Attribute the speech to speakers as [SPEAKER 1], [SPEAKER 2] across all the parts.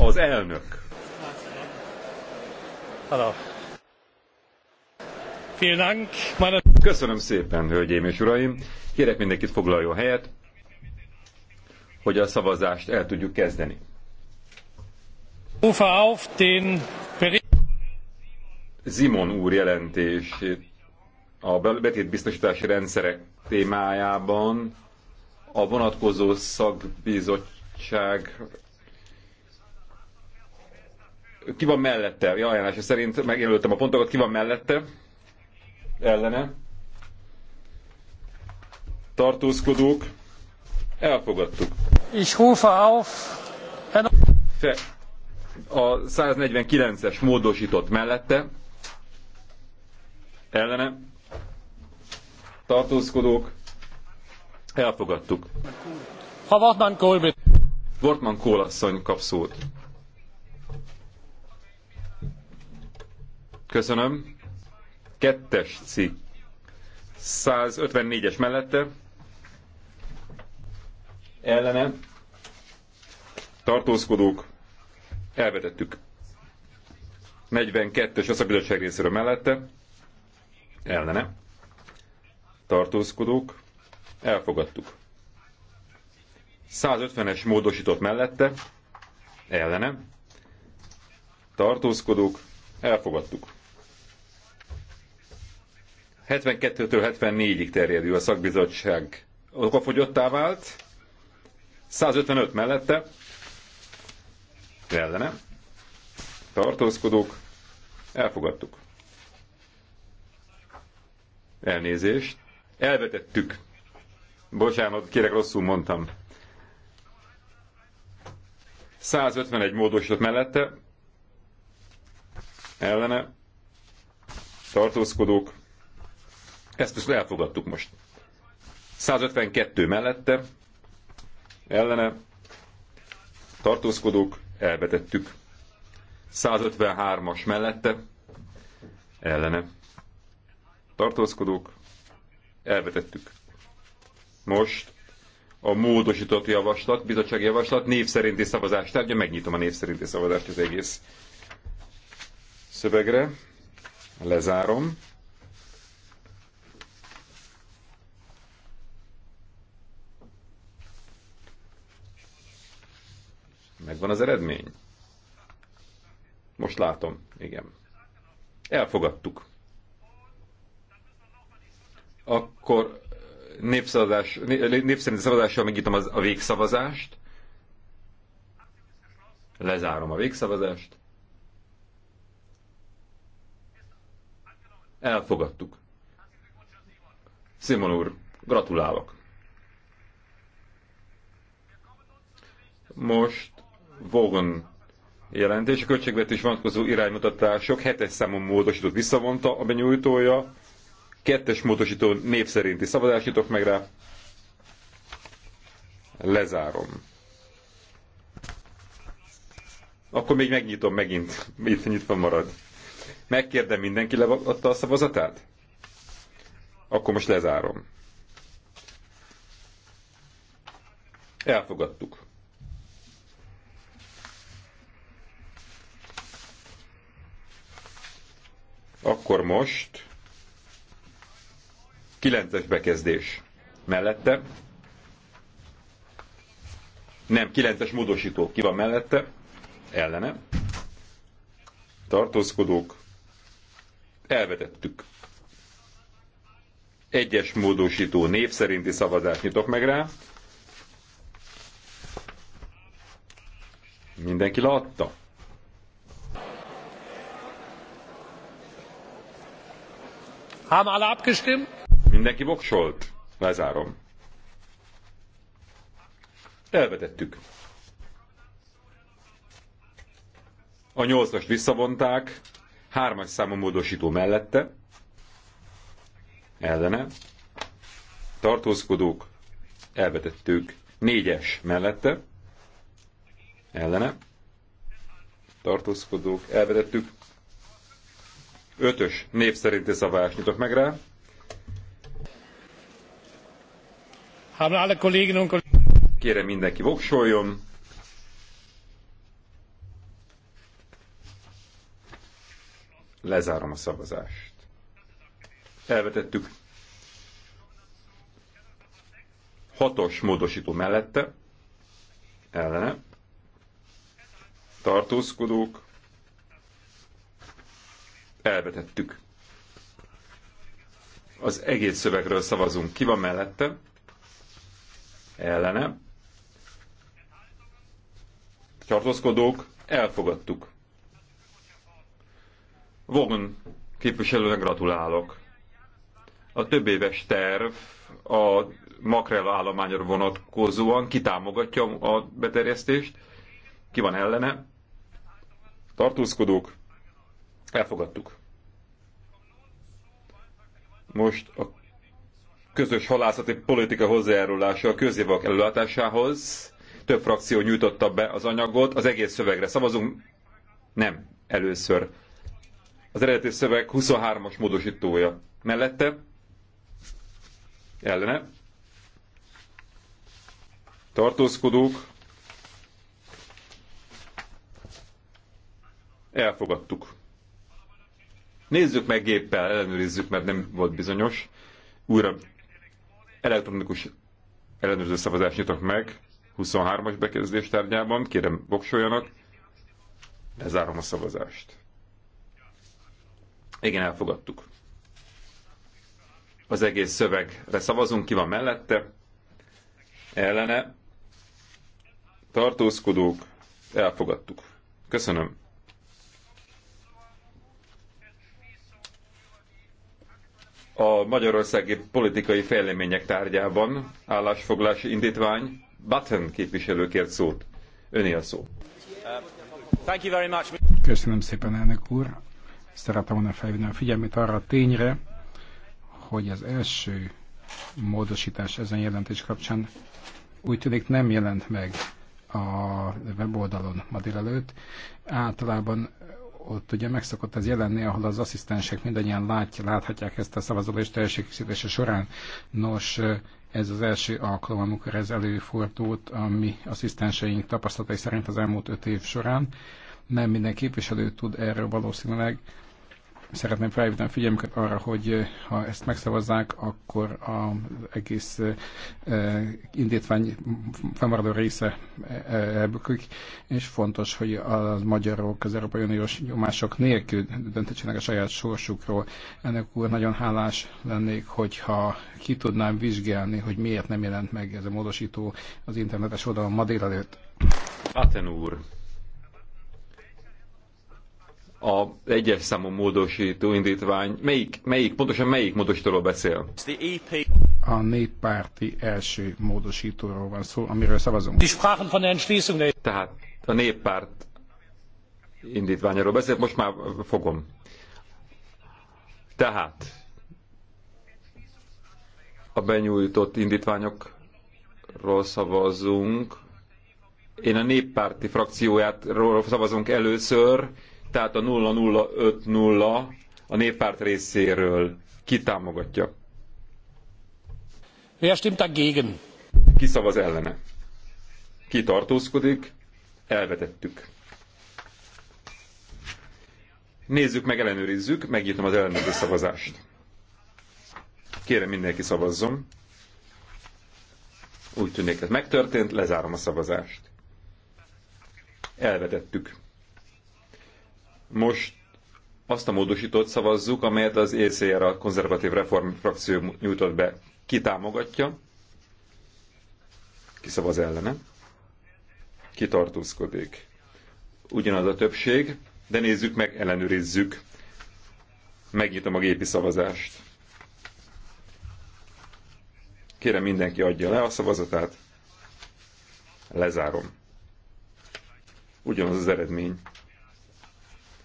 [SPEAKER 1] Az elnök. Köszönöm szépen, hölgyeim és uraim. Kérek mindenkit foglaljon helyet, hogy a szavazást el tudjuk kezdeni. Simon úr jelentés a betétbiztosítási rendszerek témájában a vonatkozó szakbizottság bizottság ki van mellette, ajánlása szerint megjelöltem a pontokat, ki van mellette, ellene, tartózkodók, elfogadtuk.
[SPEAKER 2] Ich rufe auf.
[SPEAKER 1] Fe, a 149-es módosított mellette, ellene, tartózkodók, elfogadtuk. Ha Wattmann Kolbe. Wortman Kólasszony kap szót. Köszönöm. Kettes cikk. 154-es mellette. Ellene. Tartózkodók. Elvetettük. 42-es a szabadság részéről mellette. Ellene. Tartózkodók. Elfogadtuk. 150-es módosított mellette, ellene, tartózkodók, elfogadtuk. 72-től 74-ig terjedő a szakbizottság okafogyottá vált, 155 mellette, ellene, tartózkodók, elfogadtuk. Elnézést, elvetettük. Bocsánat, kérek, rosszul mondtam. 151 módosított mellette ellene tartózkodók. Ezt is elfogadtuk most. 152 mellette ellene tartózkodók elvetettük. 153-as mellette ellene tartózkodók elvetettük. Most a módosított javaslat, bizottsági javaslat név szerinti szavazást tárgya. Megnyitom a név szerinti szavazást az egész szövegre. Lezárom. Megvan az eredmény? Most látom, igen. Elfogadtuk. Akkor népszerinti szavazással megnyitom az, a végszavazást. Lezárom a végszavazást. Elfogadtuk. Simon úr, gratulálok. Most Vogon jelentés, a költségvetés vonatkozó iránymutatások hetes számon módosított visszavonta a benyújtója, Kettes módosító név szerinti szavazást nyitok meg rá. Lezárom. Akkor még megnyitom megint. Itt nyitva marad. Megkérdem, mindenki leadta a szavazatát? Akkor most lezárom. Elfogadtuk. Akkor most 9-es bekezdés mellette. Nem, 9-es módosító. Ki van mellette? Ellene. Tartózkodók. Elvetettük. Egyes módosító név szerinti szavazást nyitok meg rá. Mindenki látta?
[SPEAKER 2] Haben alle abgestimmt?
[SPEAKER 1] Mindenki voksolt? Lezárom. Elvetettük. A nyolcast visszavonták, hármas számú módosító mellette, ellene, tartózkodók, elvetettük, négyes mellette, ellene, tartózkodók, elvetettük, ötös név szerinti szabályás nyitok meg rá, Kérem mindenki voksoljon. Lezárom a szavazást. Elvetettük. Hatos módosító mellette. Ellene. Tartózkodók. Elvetettük. Az egész szövegről szavazunk. Ki van mellette? ellene. Tartózkodók, elfogadtuk. Vogon képviselőnek gratulálok. A több éves terv a makrel állományra vonatkozóan kitámogatja a beterjesztést. Ki van ellene? Tartózkodók, elfogadtuk. Most a közös halászati politika hozzájárulása a közjavak előállításához. Több frakció nyújtotta be az anyagot, az egész szövegre szavazunk. Nem, először. Az eredeti szöveg 23-as módosítója. Mellette? Ellene? Tartózkodók? Elfogadtuk. Nézzük meg géppel, ellenőrizzük, mert nem volt bizonyos. Újra Elektronikus ellenőrző szavazást nyitok meg, 23-as bekezdés tárgyában, kérem boksoljanak. lezárom a szavazást. Igen, elfogadtuk. Az egész szövegre szavazunk, ki van mellette, ellene, tartózkodók, elfogadtuk. Köszönöm. a magyarországi politikai fejlemények tárgyában állásfoglási indítvány. Button képviselő kért szót. Öné a szó.
[SPEAKER 2] Köszönöm szépen, elnök úr. Szeretem volna felvinni a figyelmét arra a tényre, hogy az első módosítás ezen jelentés kapcsán úgy tűnik nem jelent meg a weboldalon ma délelőtt. Általában ott ugye megszokott ez jelenni, ahol az asszisztensek mindannyian lát, láthatják ezt a szavazolás teljesítése során. Nos, ez az első alkalom, amikor ez előfordult a mi asszisztenseink tapasztalatai szerint az elmúlt öt év során. Nem minden képviselő tud erről valószínűleg, Szeretném felhívni a figyelmüket arra, hogy eh, ha ezt megszavazzák, akkor az egész eh, eh, indítvány fennmaradó része elbökik, és fontos, hogy a magyarok az Európai Uniós nyomások nélkül döntetsenek a saját sorsukról. Ennek úr nagyon hálás lennék, hogyha ki tudnám vizsgálni, hogy miért nem jelent meg ez a módosító az internetes oldalon ma délelőtt.
[SPEAKER 1] Aten úr, a egyes számú módosító indítvány, melyik, melyik, pontosan melyik módosítóról beszél? E
[SPEAKER 2] a néppárti első módosítóról van szó, amiről szavazunk.
[SPEAKER 1] Tehát a néppárt indítványáról beszél. most már fogom. Tehát a benyújtott indítványokról szavazunk. Én a néppárti frakcióját szavazunk először, tehát a 0050 a néppárt részéről ki támogatja? Wer stimmt dagegen? Ki szavaz ellene? Ki tartózkodik? Elvetettük. Nézzük meg, ellenőrizzük, megnyitom az ellenőrző szavazást. Kérem mindenki szavazzon. Úgy tűnik, ez megtörtént, lezárom a szavazást. Elvetettük. Most azt a módosítót szavazzuk, amelyet az ECR, a konzervatív reform frakció nyújtott be. Ki támogatja? Ki szavaz ellene? Ki tartózkodik? Ugyanaz a többség, de nézzük meg, ellenőrizzük. Megnyitom a gépi szavazást. Kérem mindenki adja le a szavazatát. Lezárom. Ugyanaz az eredmény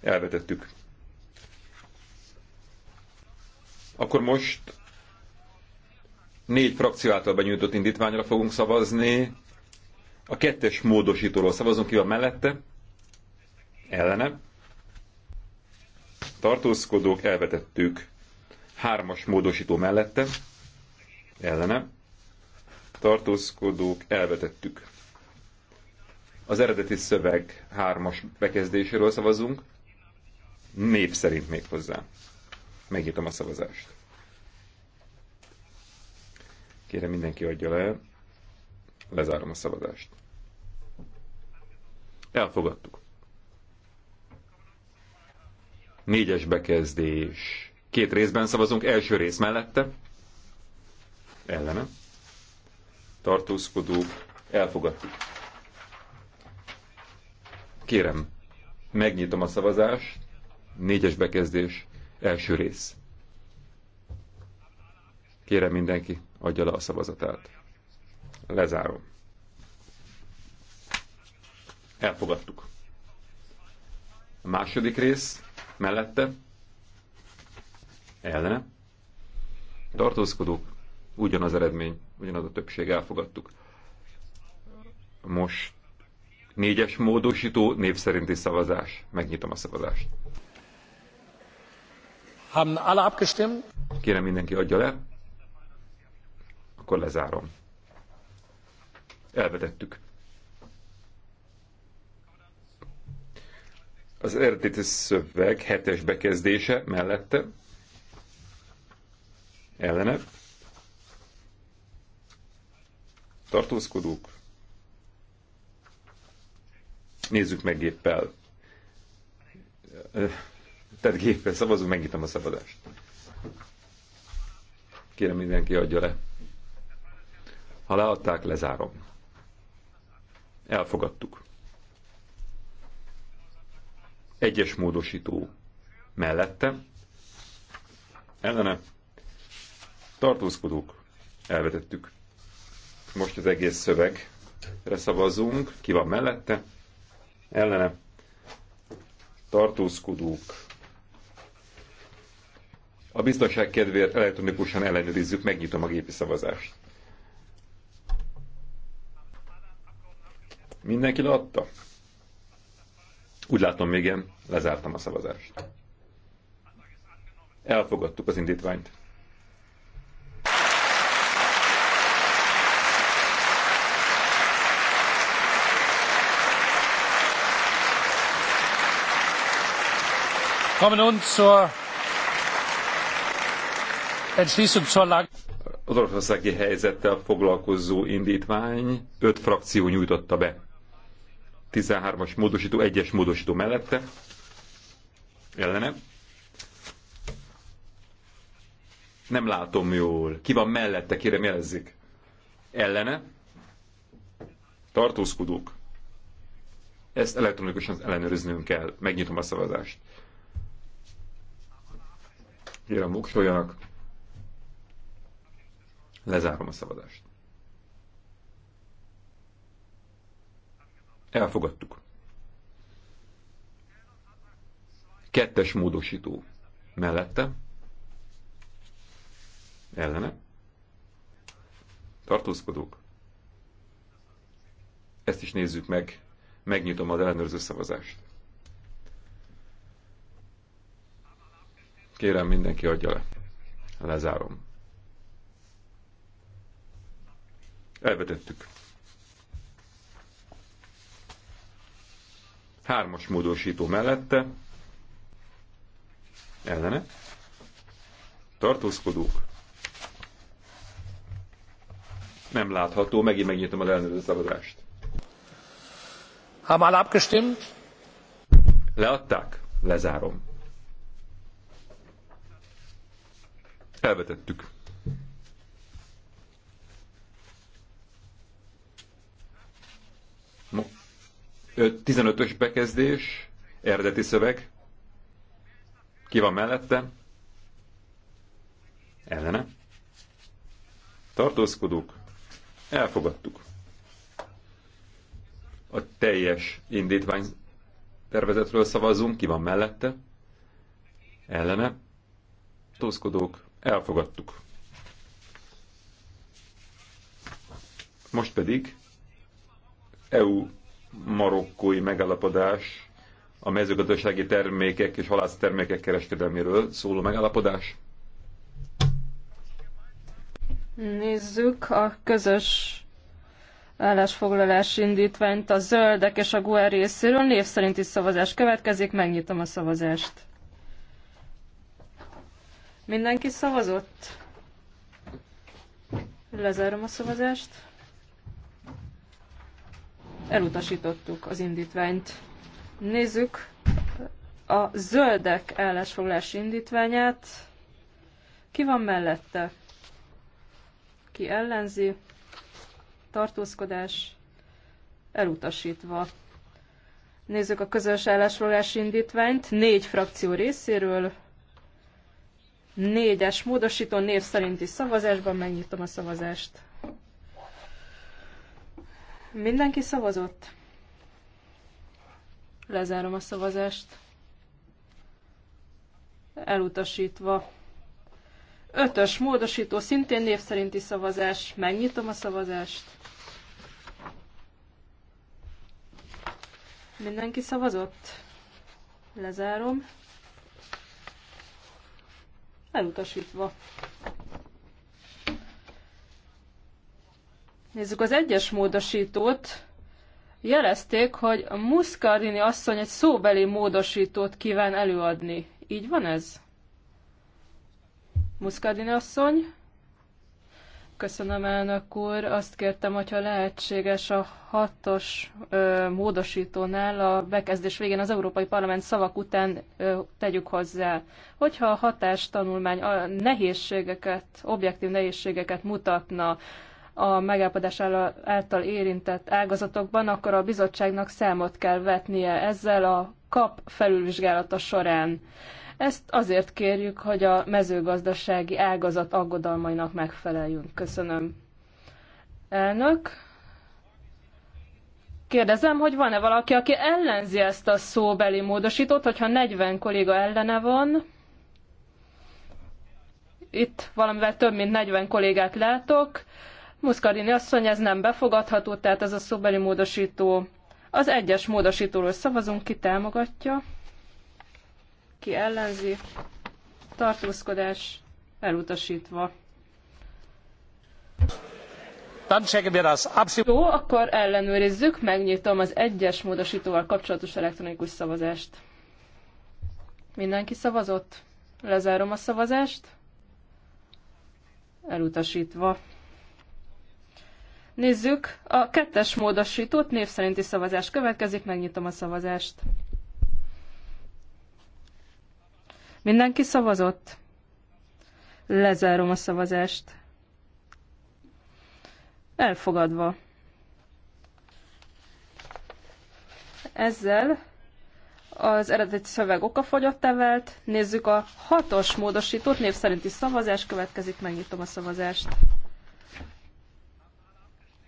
[SPEAKER 1] elvetettük. Akkor most négy frakció által benyújtott indítványra fogunk szavazni. A kettes módosítóról szavazunk ki a mellette, ellene. Tartózkodók elvetettük hármas módosító mellette, ellene. Tartózkodók elvetettük. Az eredeti szöveg hármas bekezdéséről szavazunk név szerint még hozzá. Megnyitom a szavazást. Kérem mindenki adja le. Lezárom a szavazást. Elfogadtuk. Négyes bekezdés. Két részben szavazunk. Első rész mellette. Ellene. Tartózkodó. Elfogadtuk. Kérem, megnyitom a szavazást Négyes bekezdés, első rész. Kérem mindenki, adja le a szavazatát. Lezárom. Elfogadtuk. A második rész mellette ellene tartózkodók, ugyanaz eredmény, ugyanaz a többség, elfogadtuk. Most négyes módosító név szerinti szavazás. Megnyitom a szavazást.
[SPEAKER 2] Haben alle abgestimmt?
[SPEAKER 1] Kérem mindenki adja le. Akkor lezárom. Elvetettük. Az eredeti szöveg hetes bekezdése mellette. Ellene. Tartózkodók. Nézzük meg éppel tehát géppel szavazunk, megnyitom a szavazást. Kérem mindenki adja le. Ha leadták, lezárom. Elfogadtuk. Egyes módosító mellette. Ellene tartózkodók elvetettük. Most az egész szövegre szavazunk. Ki van mellette? Ellene tartózkodók a biztonság kedvéért elektronikusan ellenőrizzük, megnyitom a gépi szavazást. Mindenki leadta? Úgy látom, igen, lezártam a szavazást. Elfogadtuk az indítványt.
[SPEAKER 2] Kommen nun zur az
[SPEAKER 1] oroszországi helyzettel foglalkozó indítvány öt frakció nyújtotta be. 13-as módosító, 1-es módosító mellette, ellene. Nem látom jól. Ki van mellette, kérem jelezzék. Ellene. Tartózkodók. Ezt elektronikusan ellenőriznünk kell. Megnyitom a szavazást. Kérem, voksoljanak. Lezárom a szavazást. Elfogadtuk. Kettes módosító mellette. Ellene. Tartózkodók. Ezt is nézzük meg. Megnyitom az ellenőrző szavazást. Kérem mindenki adja le. Lezárom. Elvetettük. Hármas módosító mellette. Ellene. Tartózkodók. Nem látható. Megint megnyitom az elnöző szavazást. Haben alle abgestimmt? Leadták? Lezárom. Elvetettük. 15-ös bekezdés, eredeti szöveg. Ki van mellette? Ellene. Tartózkodók. Elfogadtuk. A teljes indítvány tervezetről szavazunk. Ki van mellette? Ellene. Tartózkodók. Elfogadtuk. Most pedig EU marokkói megállapodás a mezőgazdasági termékek és halásztermékek kereskedelméről szóló megállapodás?
[SPEAKER 3] Nézzük a közös állásfoglalás indítványt a zöldek és a GUER részéről. Név szerinti szavazás következik, megnyitom a szavazást. Mindenki szavazott? Lezárom a szavazást elutasítottuk az indítványt. Nézzük a zöldek állásfoglási indítványát. Ki van mellette? Ki ellenzi? Tartózkodás elutasítva. Nézzük a közös állásfoglási indítványt. Négy frakció részéről. Négyes módosító név szerinti szavazásban megnyitom a szavazást. Mindenki szavazott? Lezárom a szavazást. Elutasítva. Ötös módosító, szintén név szerinti szavazás. Megnyitom a szavazást. Mindenki szavazott? Lezárom. Elutasítva. Nézzük az egyes módosítót. Jelezték, hogy a Muscardini asszony egy szóbeli módosítót kíván előadni. Így van ez? Muscardini asszony? Köszönöm, elnök úr. Azt kértem, hogyha lehetséges a hatos ö, módosítónál a bekezdés végén az Európai Parlament szavak után ö, tegyük hozzá, hogyha a hatástanulmány a nehézségeket, objektív nehézségeket mutatna, a megállapodás által érintett ágazatokban, akkor a bizottságnak számot kell vetnie ezzel a kap felülvizsgálata során. Ezt azért kérjük, hogy a mezőgazdasági ágazat aggodalmainak megfeleljünk. Köszönöm. Elnök. Kérdezem, hogy van-e valaki, aki ellenzi ezt a szóbeli módosítót, hogyha 40 kolléga ellene van. Itt valamivel több mint 40 kollégát látok. Muszkarini asszony, ez nem befogadható, tehát ez a szóbeli módosító. Az egyes módosítóról szavazunk, ki támogatja, ki ellenzi, tartózkodás elutasítva. Jó, akkor ellenőrizzük, megnyitom az egyes módosítóval kapcsolatos elektronikus szavazást. Mindenki szavazott? Lezárom a szavazást. Elutasítva. Nézzük, a kettes módosítót név szerinti szavazás következik, megnyitom a szavazást. Mindenki szavazott? Lezárom a szavazást. Elfogadva. Ezzel az eredeti szöveg okafogyottá vált. Nézzük a hatos módosítót, név szerinti szavazás következik, megnyitom a szavazást.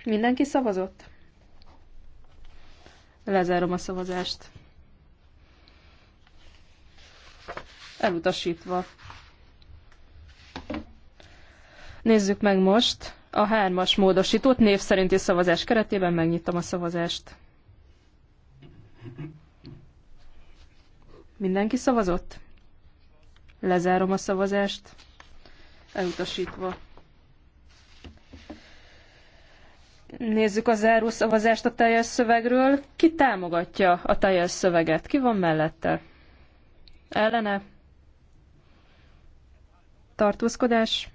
[SPEAKER 3] Mindenki szavazott? Lezárom a szavazást. Elutasítva. Nézzük meg most a hármas módosított név szerinti szavazás keretében megnyitom a szavazást. Mindenki szavazott? Lezárom a szavazást. Elutasítva. Nézzük az záró e szavazást a teljes szövegről. Ki támogatja a teljes szöveget? Ki van mellette? Ellene? Tartózkodás?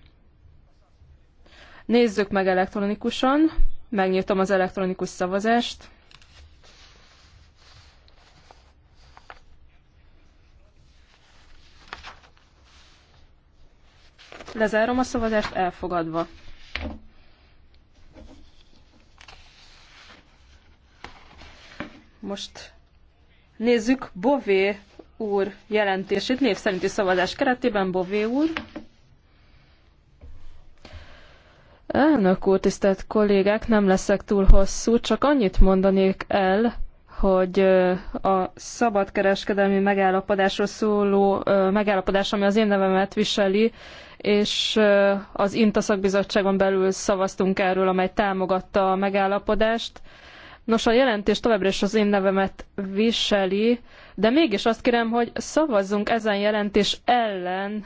[SPEAKER 3] Nézzük meg elektronikusan. Megnyitom az elektronikus szavazást. Lezárom a szavazást elfogadva. Most nézzük Bové úr jelentését név szerinti szavazás keretében. Bové úr. Elnök úr, tisztelt kollégák, nem leszek túl hosszú, csak annyit mondanék el, hogy a szabadkereskedelmi megállapodásról szóló megállapodás, ami az én nevemet viseli, és az INTA szakbizottságon belül szavaztunk erről, amely támogatta a megállapodást. Nos, a jelentés továbbra is az én nevemet viseli, de mégis azt kérem, hogy szavazzunk ezen jelentés ellen.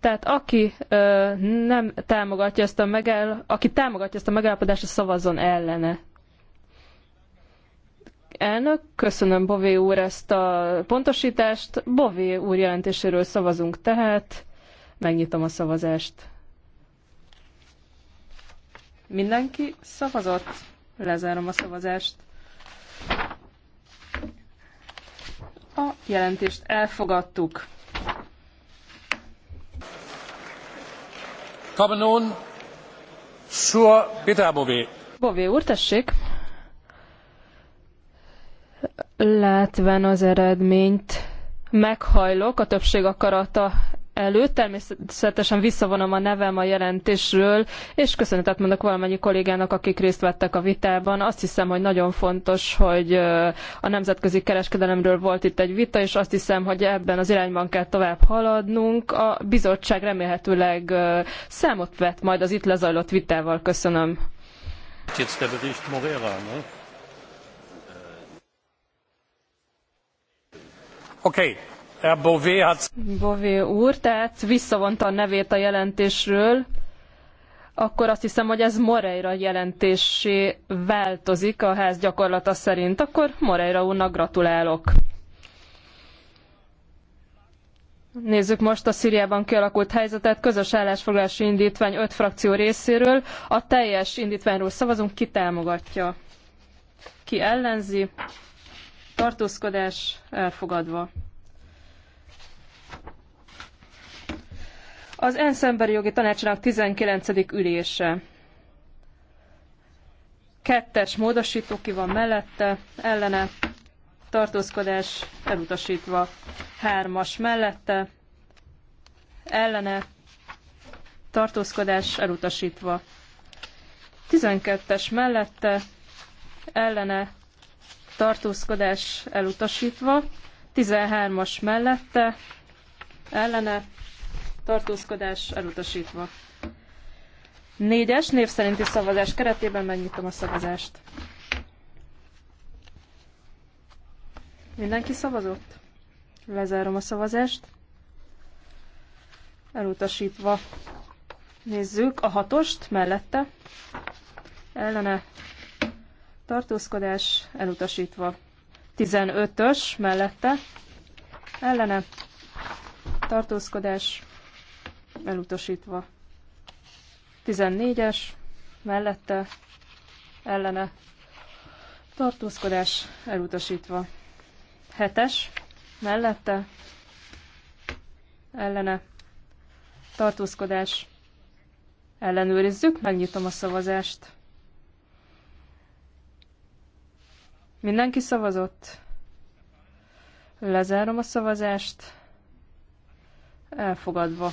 [SPEAKER 3] Tehát aki ö, nem támogatja ezt a megáll, aki támogatja ezt a megállapodást, szavazzon ellene. Elnök, köszönöm Bové úr ezt a pontosítást. Bové úr jelentéséről szavazunk tehát. Megnyitom a szavazást. Mindenki szavazott? Lezárom a szavazást. A jelentést elfogadtuk. Kommen nun
[SPEAKER 2] zur Bitte, Bové.
[SPEAKER 3] Bové úr, tessék. Látván az eredményt, meghajlok a többség akarata előtt. Természetesen visszavonom a nevem a jelentésről, és köszönetet mondok valamennyi kollégának, akik részt vettek a vitában. Azt hiszem, hogy nagyon fontos, hogy a nemzetközi kereskedelemről volt itt egy vita, és azt hiszem, hogy ebben az irányban kell tovább haladnunk. A bizottság remélhetőleg számot vett majd az itt lezajlott vitával. Köszönöm. ne? Okay. Bové, úr, tehát visszavonta a nevét a jelentésről, akkor azt hiszem, hogy ez Moreira jelentésé változik a ház gyakorlata szerint. Akkor Moreira úrnak gratulálok. Nézzük most a Szíriában kialakult helyzetet. Közös állásfoglalási indítvány öt frakció részéről. A teljes indítványról szavazunk. Ki támogatja? Ki ellenzi? Tartózkodás elfogadva. az ENSZ emberi jogi tanácsának 19. ülése. Kettes módosító ki van mellette, ellene, tartózkodás elutasítva. Hármas mellette, ellene, tartózkodás elutasítva. 12-es mellette, ellene, tartózkodás elutasítva. 13-as mellette, ellene, tartózkodás elutasítva. Négyes név szerinti szavazás keretében megnyitom a szavazást. Mindenki szavazott? Lezárom a szavazást. Elutasítva. Nézzük a hatost mellette. Ellene tartózkodás elutasítva. 15-ös mellette. Ellene tartózkodás elutasítva. 14-es, mellette, ellene, tartózkodás, elutasítva. 7-es, mellette, ellene, tartózkodás, ellenőrizzük, megnyitom a szavazást. Mindenki szavazott? Lezárom a szavazást. Elfogadva.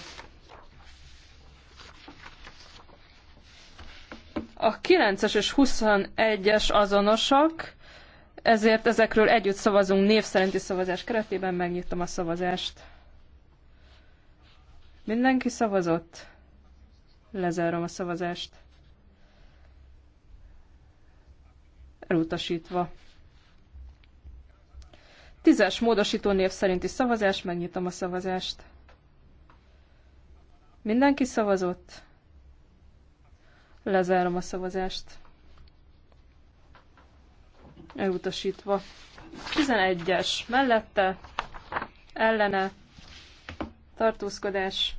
[SPEAKER 3] A 9-es és 21-es azonosak, ezért ezekről együtt szavazunk név szerinti szavazás keretében. Megnyitom a szavazást. Mindenki szavazott? Lezárom a szavazást. Elutasítva. Tízes módosító név szerinti szavazás, megnyitom a szavazást. Mindenki szavazott? Lezárom a szavazást. Elutasítva. 11-es mellette, ellene, tartózkodás,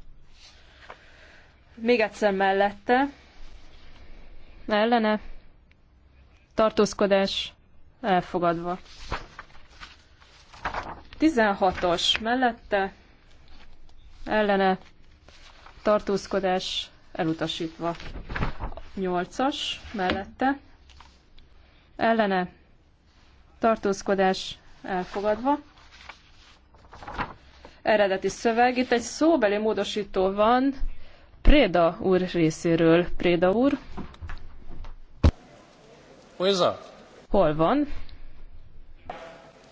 [SPEAKER 3] még egyszer mellette, ellene, tartózkodás, elfogadva. 16-os mellette, ellene, tartózkodás, elutasítva. 8-as mellette, ellene tartózkodás elfogadva. Eredeti szöveg, itt egy szóbeli módosító van Préda úr részéről. Préda úr. Hol van?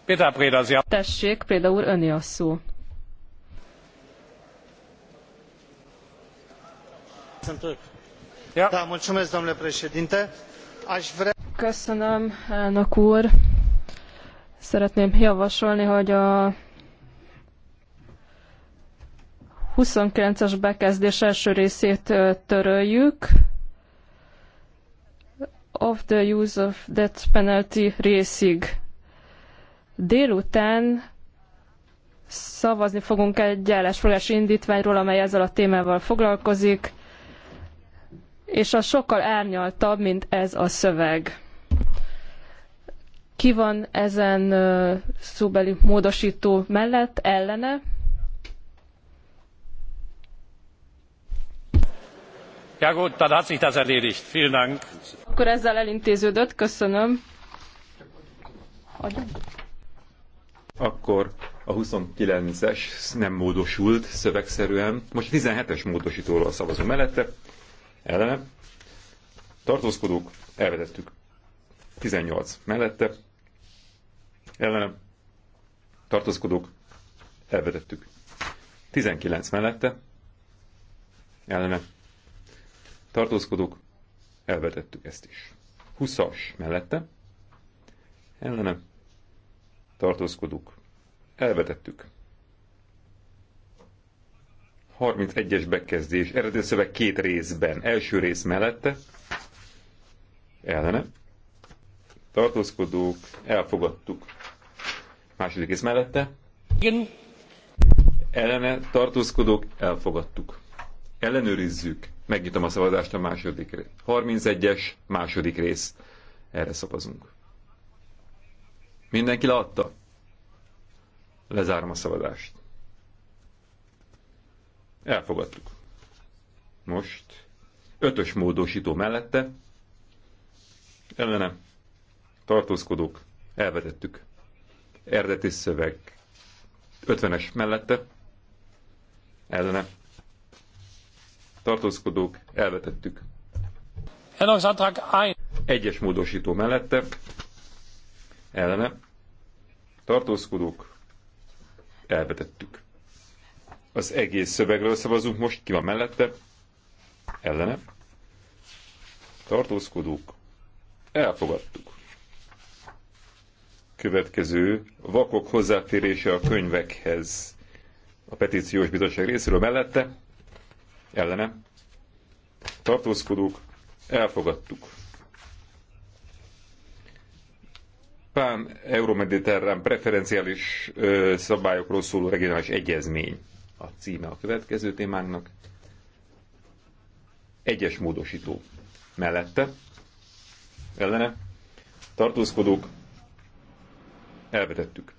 [SPEAKER 2] Péter Préda,
[SPEAKER 3] Tessék, Préda úr, öné a szó. Köszönöm, elnök úr. Szeretném javasolni, hogy a nine es bekezdés első részét töröljük. Of the use of death penalty részig. Délután szavazni fogunk egy állásfoglalási indtványról amely ezzel a témával foglalkozik és az sokkal árnyaltabb, mint ez a szöveg. Ki van ezen szóbeli módosító mellett, ellene?
[SPEAKER 2] Ja gut, dann hat sich das erledigt. Vielen Dank.
[SPEAKER 3] Akkor ezzel elintéződött, köszönöm.
[SPEAKER 1] Akkor a 29-es nem módosult szövegszerűen. Most 17-es módosítóról szavazunk mellette ellene. Tartózkodók, elvetettük. 18 mellette, ellene. Tartózkodók, elvetettük. 19 mellette, ellene. Tartózkodók, elvetettük ezt is. 20-as mellette, ellene. Tartózkodók, elvetettük. 31-es bekezdés, eredeti szöveg két részben. Első rész mellette, ellene, tartózkodók, elfogadtuk. Második rész mellette, Igen. ellene, tartózkodók, elfogadtuk. Ellenőrizzük. Megnyitom a szavazást a második rész. 31-es, második rész. Erre szavazunk. Mindenki leadta? Lezárom a szavazást. Elfogadtuk. Most ötös módosító mellette ellene tartózkodók elvetettük. Erdeti szöveg 50-es mellette ellene tartózkodók elvetettük. Egyes módosító mellette ellene tartózkodók elvetettük. Az egész szövegről szavazunk most. Ki van mellette? Ellene. Tartózkodók. Elfogadtuk. Következő vakok hozzáférése a könyvekhez. A petíciós bizottság részéről mellette. Ellene. Tartózkodók. Elfogadtuk. pán euromediterrán preferenciális ö, szabályokról szóló regionális egyezmény a címe a következő témánknak. Egyes módosító mellette, ellene, tartózkodók, elvetettük.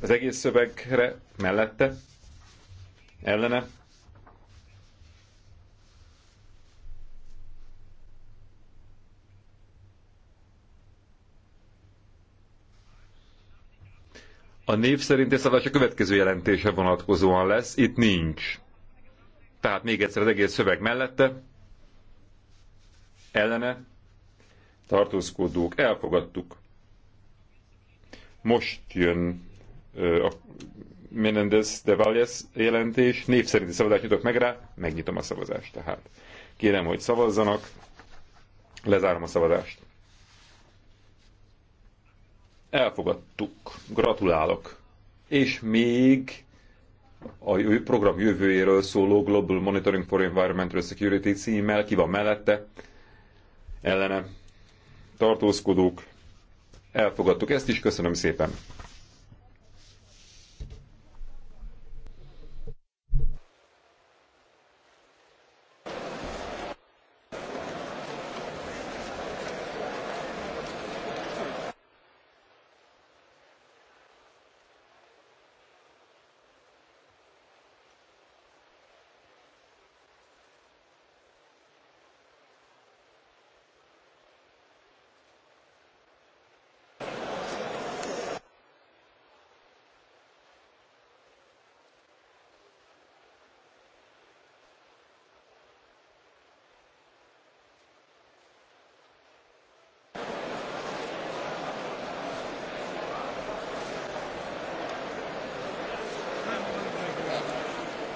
[SPEAKER 1] Az egész szövegre mellette, ellene, A név szerinti szavazás a következő jelentése vonatkozóan lesz, itt nincs. Tehát még egyszer az egész szöveg mellette, ellene, tartózkodók, elfogadtuk. Most jön ö, a Menendez de Valles jelentés, név szerinti szavazást nyitok meg rá, megnyitom a szavazást tehát. Kérem, hogy szavazzanak, lezárom a szavazást. Elfogadtuk. Gratulálok. És még a program jövőjéről szóló Global Monitoring for Environmental Security címmel, ki van mellette, ellene tartózkodók. Elfogadtuk ezt is, köszönöm szépen.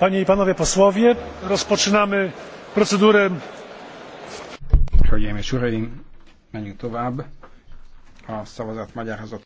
[SPEAKER 2] panie i panowie posłowie! rozpoczynamy procedurę hölgyeim és uraim menjünk tovább a szavazatmagyarázatok